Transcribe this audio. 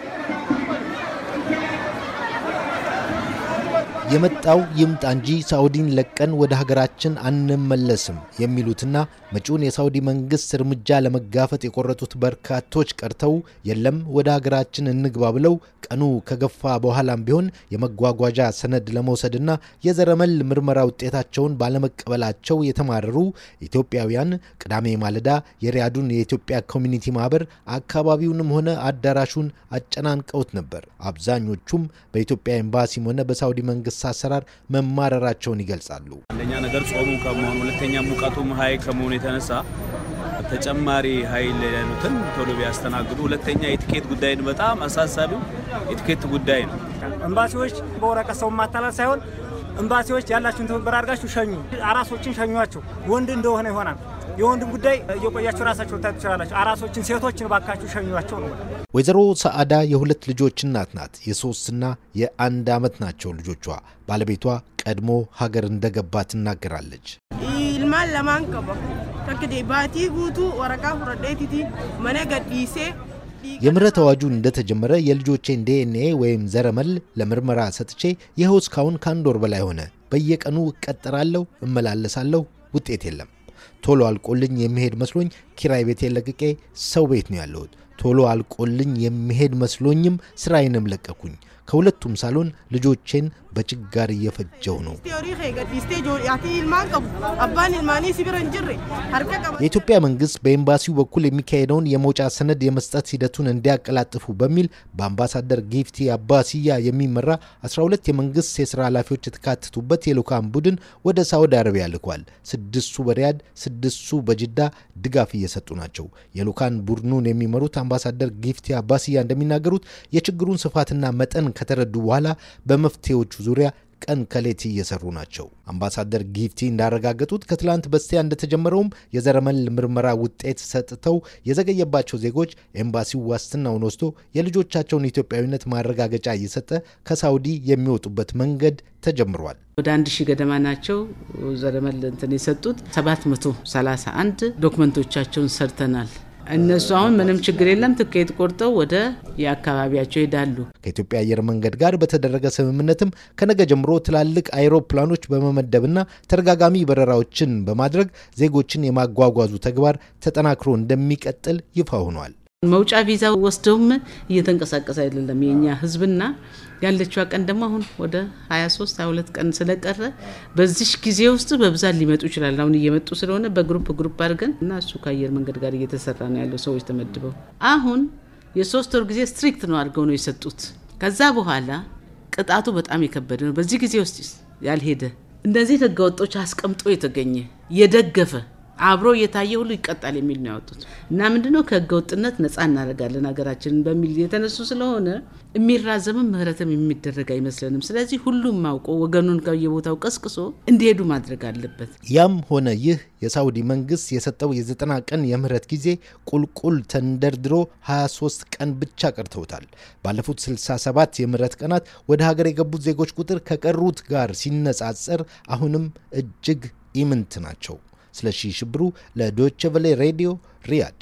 Thank you. የመጣው ይምጣ እንጂ ሳውዲን ለቀን ወደ ሀገራችን አንመለስም የሚሉትና መጪውን የሳውዲ መንግስት እርምጃ ለመጋፈጥ የቆረጡት በርካቶች ቀርተው የለም ወደ ሀገራችን እንግባ ብለው ቀኑ ከገፋ በኋላም ቢሆን የመጓጓዣ ሰነድ ለመውሰድና የዘረመል ምርመራ ውጤታቸውን ባለመቀበላቸው የተማረሩ ኢትዮጵያውያን ቅዳሜ ማለዳ የሪያዱን የኢትዮጵያ ኮሚኒቲ ማህበር አካባቢውንም ሆነ አዳራሹን አጨናንቀውት ነበር። አብዛኞቹም በኢትዮጵያ ኤምባሲም ሆነ በሳውዲ መንግስት የክስ አሰራር መማረራቸውን ይገልጻሉ። አንደኛ ነገር ጾሙ ከመሆኑ፣ ሁለተኛ ሙቀቱም ሀይ ከመሆኑ የተነሳ ተጨማሪ ሀይል ያሉትን ቶሎ ቢያስተናግዱ። ሁለተኛ የትኬት ጉዳይን በጣም አሳሳቢው የትኬት ጉዳይ ነው። ኤምባሲዎች በወረቀት ሰው ማታላል ሳይሆን ኤምባሲዎች ያላችሁን ትብብር አድርጋችሁ ሸኙ፣ አራሶችን ሸኟቸው። ወንድ እንደሆነ ይሆናል የወንድም ጉዳይ እየቆያቸው ራሳቸው ልታዩ ትችላላቸው። አራሶችን፣ ሴቶችን ባካችሁ ሸኟቸው ነው። ወይዘሮ ሰአዳ የሁለት ልጆች እናት ናት። የሶስትና የአንድ አመት ናቸው ልጆቿ። ባለቤቷ ቀድሞ ሀገር እንደገባ ትናገራለች። ልማን ለማንቀበ ተክዴ ባቲ ጉቱ ወረቃ ፍረዴቲቲ መነ ገዲሴ የምህረት አዋጁ እንደተጀመረ የልጆቼን ዲኤንኤ ወይም ዘረመል ለምርመራ ሰጥቼ ይኸው እስካሁን ከአንድ ወር በላይ ሆነ። በየቀኑ እቀጠራለሁ፣ እመላለሳለሁ፣ ውጤት የለም። ቶሎ አልቆልኝ የሚሄድ መስሎኝ ኪራይ ቤት የለቅቄ ሰው ቤት ነው ያለሁት። ቶሎ አልቆልኝ የሚሄድ መስሎኝም ስራዬንም ለቀኩኝ። ከሁለቱም ሳሎን ልጆቼን በችጋር እየፈጀው ነው። የኢትዮጵያ መንግስት በኤምባሲው በኩል የሚካሄደውን የመውጫ ሰነድ የመስጠት ሂደቱን እንዲያቀላጥፉ በሚል በአምባሳደር ጊፍቲ አባሲያ የሚመራ 12 የመንግስት የስራ ኃላፊዎች የተካተቱበት የልዑካን ቡድን ወደ ሳውዲ አረቢያ ልኳል። ስድስቱ በሪያድ፣ ስድስቱ በጅዳ ድጋፍ እየሰጡ ናቸው። የልዑካን ቡድኑን የሚመሩት አምባሳደር ጊፍቲ አባስያ እንደሚናገሩት የችግሩን ስፋትና መጠን ከተረዱ በኋላ በመፍትሄዎቹ ዙሪያ ቀን ከሌት እየሰሩ ናቸው። አምባሳደር ጊፍቲ እንዳረጋገጡት ከትላንት በስቲያ እንደተጀመረውም የዘረመል ምርመራ ውጤት ሰጥተው የዘገየባቸው ዜጎች ኤምባሲው ዋስትናውን ወስዶ የልጆቻቸውን ኢትዮጵያዊነት ማረጋገጫ እየሰጠ ከሳውዲ የሚወጡበት መንገድ ተጀምሯል። ወደ አንድ ሺህ ገደማ ናቸው ዘረመል እንትን የሰጡት 731 ዶክመንቶቻቸውን ሰርተናል። እነሱ አሁን ምንም ችግር የለም ትኬት ቆርጠው ወደ የአካባቢያቸው ይሄዳሉ። ከኢትዮጵያ አየር መንገድ ጋር በተደረገ ስምምነትም ከነገ ጀምሮ ትላልቅ አይሮፕላኖች በመመደብና ተደጋጋሚ በረራዎችን በማድረግ ዜጎችን የማጓጓዙ ተግባር ተጠናክሮ እንደሚቀጥል ይፋ ሆኗል። መውጫ ቪዛ ወስደውም እየተንቀሳቀሰ አይደለም የኛ ህዝብና ያለችዋ ቀን ደግሞ አሁን ወደ 23 22 ቀን ስለቀረ በዚሽ ጊዜ ውስጥ በብዛት ሊመጡ ይችላል። አሁን እየመጡ ስለሆነ በግሩፕ ግሩፕ አድርገን እና እሱ ከአየር መንገድ ጋር እየተሰራ ነው ያለው። ሰዎች ተመድበው አሁን የሶስት ወር ጊዜ ስትሪክት ነው አድርገው ነው የሰጡት። ከዛ በኋላ ቅጣቱ በጣም የከበደ ነው። በዚህ ጊዜ ውስጥ ያልሄደ እነዚህ ህገወጦች አስቀምጦ የተገኘ የደገፈ አብሮ የታየ ሁሉ ይቀጣል የሚል ነው ያወጡት እና ምንድነው ከህገወጥነት ነጻ እናደርጋለን ሀገራችንን በሚል የተነሱ ስለሆነ የሚራዘምም ምህረትም የሚደረግ አይመስለንም። ስለዚህ ሁሉም አውቆ ወገኑን ከየቦታው ቀስቅሶ እንዲሄዱ ማድረግ አለበት። ያም ሆነ ይህ የሳውዲ መንግስት የሰጠው የዘጠና ቀን የምህረት ጊዜ ቁልቁል ተንደርድሮ 23 ቀን ብቻ ቀርተውታል። ባለፉት 67 የምህረት ቀናት ወደ ሀገር የገቡት ዜጎች ቁጥር ከቀሩት ጋር ሲነጻጸር አሁንም እጅግ ኢምንት ናቸው። ስለሺ ሽብሩ ለዶቸቨሌ ሬዲዮ ሪያድ